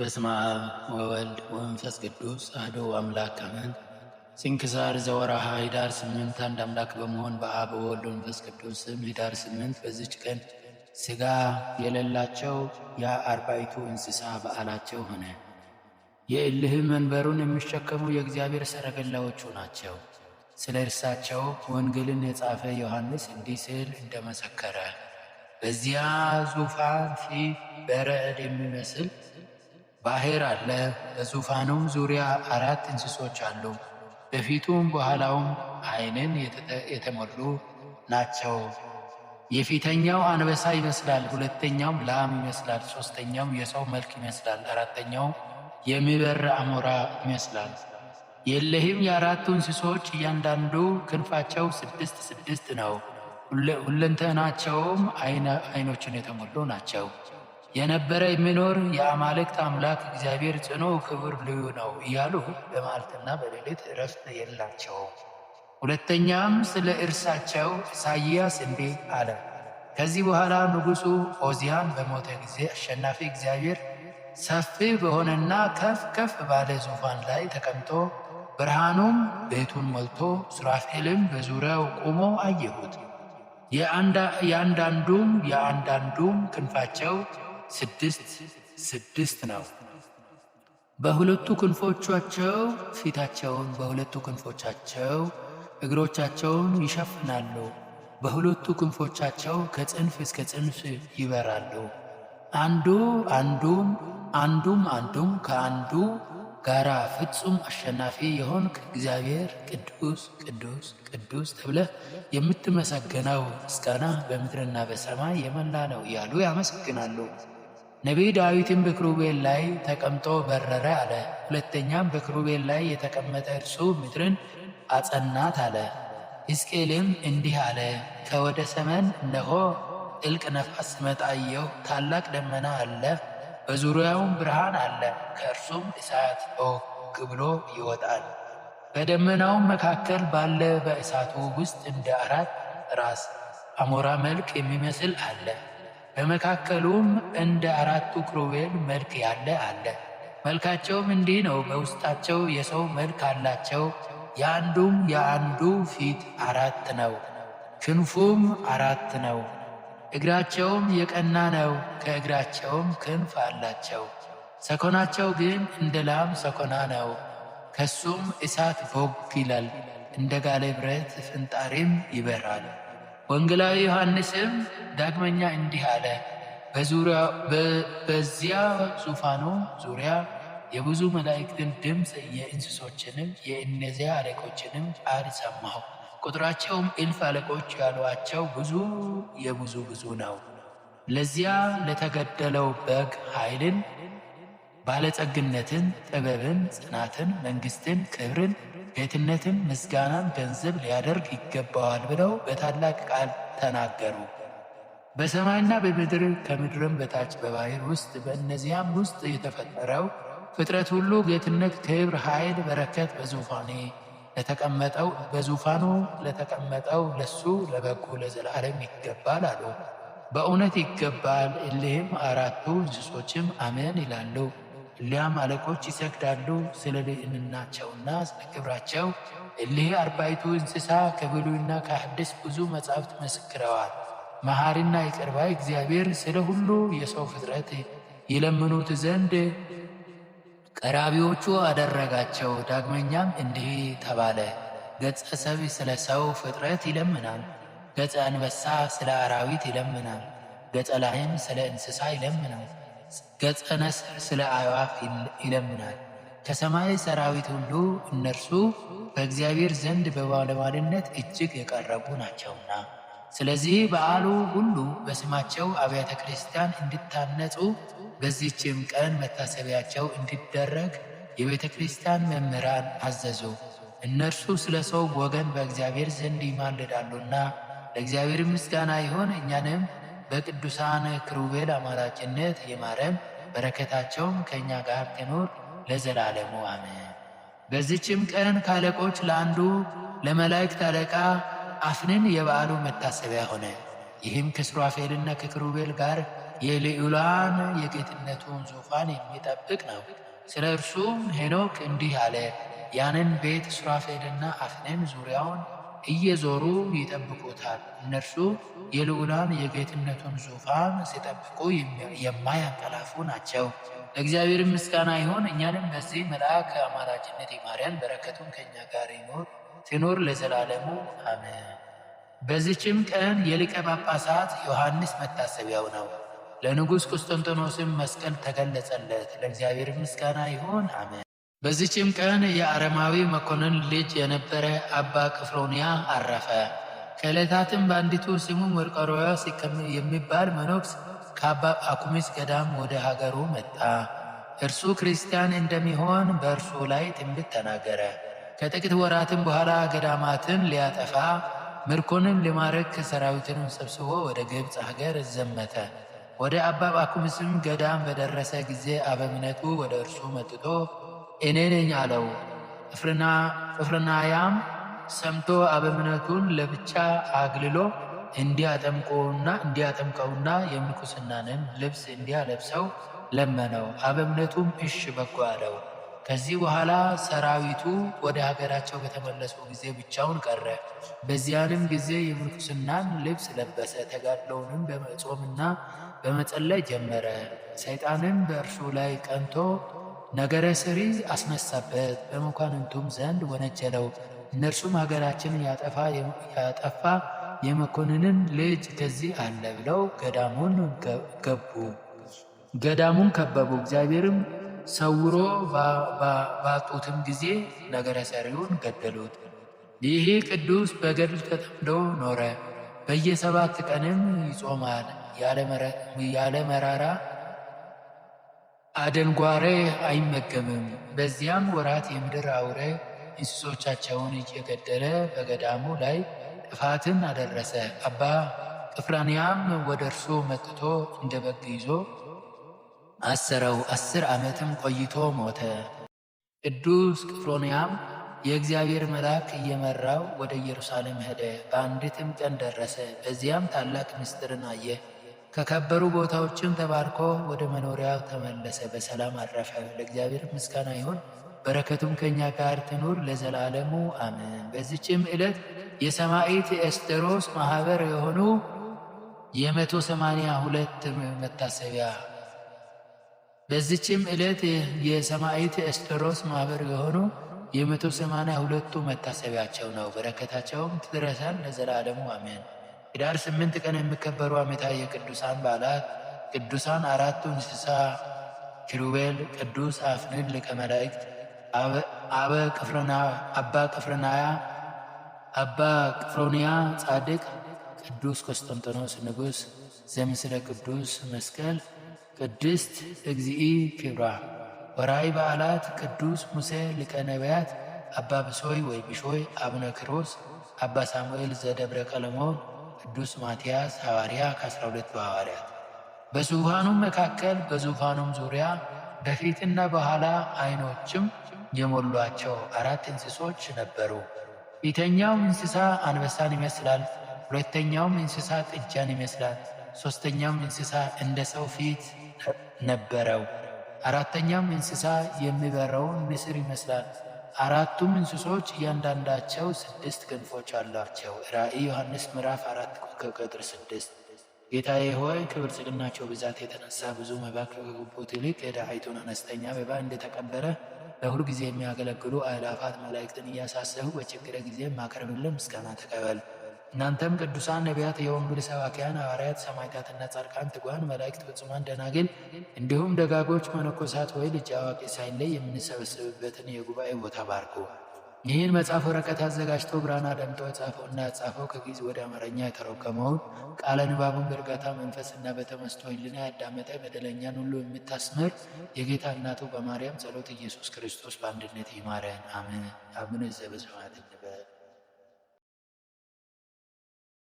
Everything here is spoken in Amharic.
በስመ አብ ወወልድ ወመንፈስ ቅዱስ አሐዱ አምላክ አሜን። ስንክሳር ዘወርኀ ኅዳር ስምንት አንድ አምላክ በመሆን በአብ ወወልድ ወመንፈስ ቅዱስ ስም ኅዳር ስምንት በዚች ቀን ሥጋ የሌላቸው የአርባዕቱ እንስሳ በዓላቸው ሆነ። የእልህ መንበሩን የሚሸከሙ የእግዚአብሔር ሰረገላዎቹ ናቸው። ስለ እርሳቸው ወንጌልን የጻፈ ዮሐንስ እንዲህ ሲል እንደመሰከረ በዚያ ዙፋን ፊት በረዕድ የሚመስል ባሕር አለ። በዙፋኑም ዙሪያ አራት እንስሶች አሉ። በፊቱም በኋላውም ዓይንን የተሞሉ ናቸው። የፊተኛው አንበሳ ይመስላል፣ ሁለተኛውም ላም ይመስላል፣ ሦስተኛውም የሰው መልክ ይመስላል፣ አራተኛው የሚበር አሞራ ይመስላል። የለህም የአራቱ እንስሶች እያንዳንዱ ክንፋቸው ስድስት ስድስት ነው። ሁለንተናቸውም ዓይኖችን የተሞሉ ናቸው። የነበረ የሚኖር የአማልክት አምላክ እግዚአብሔር ጽኑ ክብር ልዩ ነው እያሉ በማልትና በሌሊት እረፍት የላቸውም። ሁለተኛም ስለ እርሳቸው ኢሳይያስ እንዲህ አለ። ከዚህ በኋላ ንጉሡ ኦዚያን በሞተ ጊዜ አሸናፊ እግዚአብሔር ሰፊ በሆነና ከፍ ከፍ ባለ ዙፋን ላይ ተቀምጦ ብርሃኑም ቤቱን ሞልቶ ሱራፌልም በዙሪያው ቆሞ አየሁት። የአንዳንዱም የአንዳንዱም ክንፋቸው ስድስት ስድስት ነው። በሁለቱ ክንፎቻቸው ፊታቸውን በሁለቱ ክንፎቻቸው እግሮቻቸውን ይሸፍናሉ። በሁለቱ ክንፎቻቸው ከጽንፍ እስከ ጽንፍ ይበራሉ። አንዱ አንዱም አንዱም አንዱም ከአንዱ ጋራ ፍጹም አሸናፊ የሆንክ እግዚአብሔር ቅዱስ ቅዱስ ቅዱስ ተብለህ የምትመሰገነው ምስጋና በምድርና በሰማይ የመላ ነው እያሉ ያመሰግናሉ። ነቢይ ዳዊትም በክሩቤል ላይ ተቀምጦ በረረ አለ። ሁለተኛም በክሩቤል ላይ የተቀመጠ እርሱ ምድርን አጸናት አለ። ሕዝቅኤልም እንዲህ አለ፣ ከወደ ሰመን እነሆ ጥልቅ ነፋስ ሲመጣ አየሁ። ታላቅ ደመና አለ፣ በዙሪያውም ብርሃን አለ፣ ከእርሱም እሳት ቦግ ብሎ ይወጣል። በደመናውም መካከል ባለ በእሳቱ ውስጥ እንደ አራት ራስ አሞራ መልክ የሚመስል አለ። በመካከሉም እንደ አራቱ ክሩቤል መልክ ያለ አለ። መልካቸውም እንዲህ ነው፣ በውስጣቸው የሰው መልክ አላቸው። የአንዱም የአንዱ ፊት አራት ነው፣ ክንፉም አራት ነው። እግራቸውም የቀና ነው፣ ከእግራቸውም ክንፍ አላቸው። ሰኮናቸው ግን እንደ ላም ሰኮና ነው። ከሱም እሳት ቦግ ይላል፣ እንደ ጋለ ብረት ፍንጣሪም ይበራል። ወንጌላዊ ዮሐንስም ዳግመኛ እንዲህ አለ። በዚያ ዙፋኑ ዙሪያ የብዙ መላእክትን ድምፅ የእንስሶችንም የእነዚያ አለቆችንም ቃል ሰማሁ። ቁጥራቸውም እልፍ አለቆች ያሏቸው ብዙ የብዙ ብዙ ነው። ለዚያ ለተገደለው በግ ኃይልን፣ ባለጸግነትን፣ ጥበብን፣ ጽናትን፣ መንግስትን፣ ክብርን ቤትነትም ምስጋናም ገንዘብ ሊያደርግ ይገባዋል ብለው በታላቅ ቃል ተናገሩ። በሰማይና በምድር ከምድርም በታች በባሕር ውስጥ በእነዚያም ውስጥ የተፈጠረው ፍጥረት ሁሉ ጌትነት፣ ክብር፣ ኃይል፣ በረከት በዙፋኔ ለተቀመጠው በዙፋኑ ለተቀመጠው ለሱ ለበጎ ለዘላለም ይገባል አሉ። በእውነት ይገባል። እሊህም አራቱ እንስሶችም አሜን ይላሉ። ሊያም አለቆች ይሰግዳሉ ስለ ልዕልናቸውና ስለ ክብራቸው። እሊህ አርባይቱ እንስሳ ከብሉይና ከሐዲስ ብዙ መጻሕፍት መስክረዋል። መሐሪና ይቅር እግዚአብሔር ስለ ሁሉ የሰው ፍጥረት ይለምኑት ዘንድ ቀራቢዎቹ አደረጋቸው። ዳግመኛም እንዲህ ተባለ። ገጸ ሰብ ስለ ሰው ፍጥረት ይለምናል። ገጸ አንበሳ ስለ አራዊት ይለምናል። ገጸ ላህም ስለ እንስሳ ይለምናል። ገጸ ነስር ስለ አዕዋፍ ይለምናል። ከሰማይ ሰራዊት ሁሉ እነርሱ በእግዚአብሔር ዘንድ በባለሟልነት እጅግ የቀረቡ ናቸውና፣ ስለዚህ በዓሉ ሁሉ በስማቸው አብያተ ክርስቲያን እንድታነጹ በዚችም ቀን መታሰቢያቸው እንዲደረግ የቤተ ክርስቲያን መምህራን አዘዙ። እነርሱ ስለ ሰው ወገን በእግዚአብሔር ዘንድ ይማልዳሉና፣ ለእግዚአብሔር ምስጋና ይሆን እኛንም በቅዱሳን ክሩቤል አማራጭነት ይማረን። በረከታቸውም ከእኛ ጋር ትኑር ለዘላለሙ አሜን። በዚችም ቀን ካለቆች ለአንዱ ለመላእክት አለቃ አፍንን የበዓሉ መታሰቢያ ሆነ። ይህም ከሱራፌልና ከክሩቤል ጋር የልዑላን የጌትነቱን ዙፋን የሚጠብቅ ነው። ስለ እርሱም ሄኖክ እንዲህ አለ። ያንን ቤት ሱራፌልና አፍንን ዙሪያውን እየዞሩ ይጠብቁታል። እነርሱ የልዑላን የጌትነቱን ዙፋን ሲጠብቁ የማያንቀላፉ ናቸው። ለእግዚአብሔር ምስጋና ይሁን። እኛንም በዚህ መልአክ አማላጅነት ይማርያን። በረከቱን ከእኛ ጋር ይኖር ሲኖር ለዘላለሙ አሜን። በዚችም ቀን የሊቀ ጳጳሳት ዮሐንስ መታሰቢያው ነው። ለንጉሥ ቆስጠንጢኖስም መስቀል ተገለጸለት። ለእግዚአብሔር ምስጋና ይሁን አሜን። በዚችም ቀን የአረማዊ መኮንን ልጅ የነበረ አባ ቅፍሮንያ አረፈ። ከዕለታትም በአንዲቱ ስሙ መርቆሬዎስ የሚባል መኖክስ ከአባ አኩሚስ ገዳም ወደ ሀገሩ መጣ። እርሱ ክርስቲያን እንደሚሆን በእርሱ ላይ ትንቢት ተናገረ። ከጥቂት ወራትም በኋላ ገዳማትን ሊያጠፋ ምርኮንም ሊማርክ ሰራዊትንም ሰብስቦ ወደ ግብፅ ሀገር ዘመተ። ወደ አባ አኩሚስም ገዳም በደረሰ ጊዜ አበምኔቱ ወደ እርሱ መጥቶ እኔ ነኝ አለው። እፍርናያም ሰምቶ አበምኔቱን ለብቻ አግልሎ እንዲያጠምቀውና የምንኩስናንም ልብስ እንዲያለብሰው ለመነው። አበምኔቱም እሽ በጎ አለው። ከዚህ በኋላ ሰራዊቱ ወደ ሀገራቸው በተመለሱ ጊዜ ብቻውን ቀረ። በዚያንም ጊዜ የምንኩስናን ልብስ ለበሰ። ተጋድሎውንም በመጾምና በመጸለይ ጀመረ። ሰይጣንም በእርሱ ላይ ቀንቶ ነገረ ስሪ አስነሳበት፣ በመኳንንቱም ዘንድ ወነጀለው። እነርሱም ሀገራችንን ያጠፋ የመኮንንን ልጅ ከዚህ አለ ብለው ገዳሙን ገቡ። ገዳሙን ከበቡ። እግዚአብሔርም ሰውሮ ባጡትም ጊዜ ነገረ ሰሪውን ገደሉት። ይህ ቅዱስ በገድል ተጠምዶ ኖረ። በየሰባት ቀንም ይጾማል ያለ መራራ አደንጓሬ አይመገብም። በዚያም ወራት የምድር አውሬ እንስሶቻቸውን እየገደለ በገዳሙ ላይ ጥፋትን አደረሰ። አባ ቅፍራንያም ወደ እርሱ መጥቶ እንደ በግ ይዞ አሰረው። አስር ዓመትም ቆይቶ ሞተ። ቅዱስ ቅፍሮንያም የእግዚአብሔር መልአክ እየመራው ወደ ኢየሩሳሌም ሄደ። በአንዲትም ቀን ደረሰ። በዚያም ታላቅ ምስጢርን አየ። ከከበሩ ቦታዎችም ተባርኮ ወደ መኖሪያ ተመለሰ፣ በሰላም አረፈ። ለእግዚአብሔር ምስጋና ይሁን፣ በረከቱም ከእኛ ጋር ትኑር ለዘላለሙ አምን። በዚችም ዕለት የሰማዕት ኤስቴሮስ ማኅበር የሆኑ የመቶ ሰማንያ ሁለት መታሰቢያ በዚችም ዕለት የሰማዕት ኤስቴሮስ ማኅበር የሆኑ የመቶ ሰማንያ ሁለቱ መታሰቢያቸው ነው። በረከታቸውም ትድረሰን ለዘላለሙ አሜን። ኅዳር ስምንት ቀን የሚከበሩ ዓመታዊ የቅዱሳን በዓላት ቅዱሳን አራቱ እንስሳ ኪሩቤል፣ ቅዱስ አፍኒን ሊቀ መላእክት፣ አባ ቅፍርናያ፣ አባ ቅፍሮንያ ጻድቅ፣ ቅዱስ ቆስጠንጢኖስ ንጉሥ ዘምስለ ቅዱስ መስቀል፣ ቅድስት እግዚኢ ክብራ። ወርኃዊ በዓላት ቅዱስ ሙሴ ሊቀ ነቢያት፣ አባ ብሶይ ወይ ብሾይ፣ አቡነ ክሮስ፣ አባ ሳሙኤል ዘደብረ ቀለሞን ቅዱስ ማትያስ ሐዋርያ ከ12 ሐዋርያት በዙፋኑም መካከል በዙፋኑም ዙሪያ በፊትና በኋላ ዓይኖችም የሞሏቸው አራት እንስሶች ነበሩ። ፊተኛውም እንስሳ አንበሳን ይመስላል። ሁለተኛውም እንስሳ ጥጃን ይመስላል። ሦስተኛውም እንስሳ እንደ ሰው ፊት ነበረው። አራተኛውም እንስሳ የሚበረውን ንስር ይመስላል። አራቱም እንስሶች እያንዳንዳቸው ስድስት ክንፎች አሏቸው። ራእይ ዮሐንስ ምዕራፍ አራት ከቁጥር ስድስት ጌታዬ ሆይ ከብልጽግናቸው ብዛት የተነሳ ብዙ መባ ከገቡት ይልቅ የድሃይቱን አነስተኛ መባ እንደተቀበረ ለሁል ጊዜ የሚያገለግሉ አእላፋት መላእክትን እያሳሰቡ በችግረ ጊዜ ማቅረብልን ምስጋና ተቀበል። እናንተም ቅዱሳን ነቢያት፣ የወንጌል ሰባኪያን ሐዋርያት፣ ሰማዕታትና ጻድቃን፣ ትጉሃን መላእክት፣ ፍጹማን ደናግል እንዲሁም ደጋጎች መነኮሳት ወይ ልጅ አዋቂ ሳይለይ የምንሰበስብበትን የጉባኤ ቦታ ባርኩ። ይህን መጽሐፍ ወረቀት አዘጋጅቶ ብራና ደምጦ እና ያጻፈው ከግዕዝ ወደ አማርኛ የተረጎመውን ቃለ ንባቡን በእርጋታ መንፈስና በተመስጦ ሕሊና ያዳመጠ በደለኛን ሁሉ የምታስምር የጌታ እናቱ በማርያም ጸሎት ኢየሱስ ክርስቶስ በአንድነት ይማረን። አምን ዘበሰማያት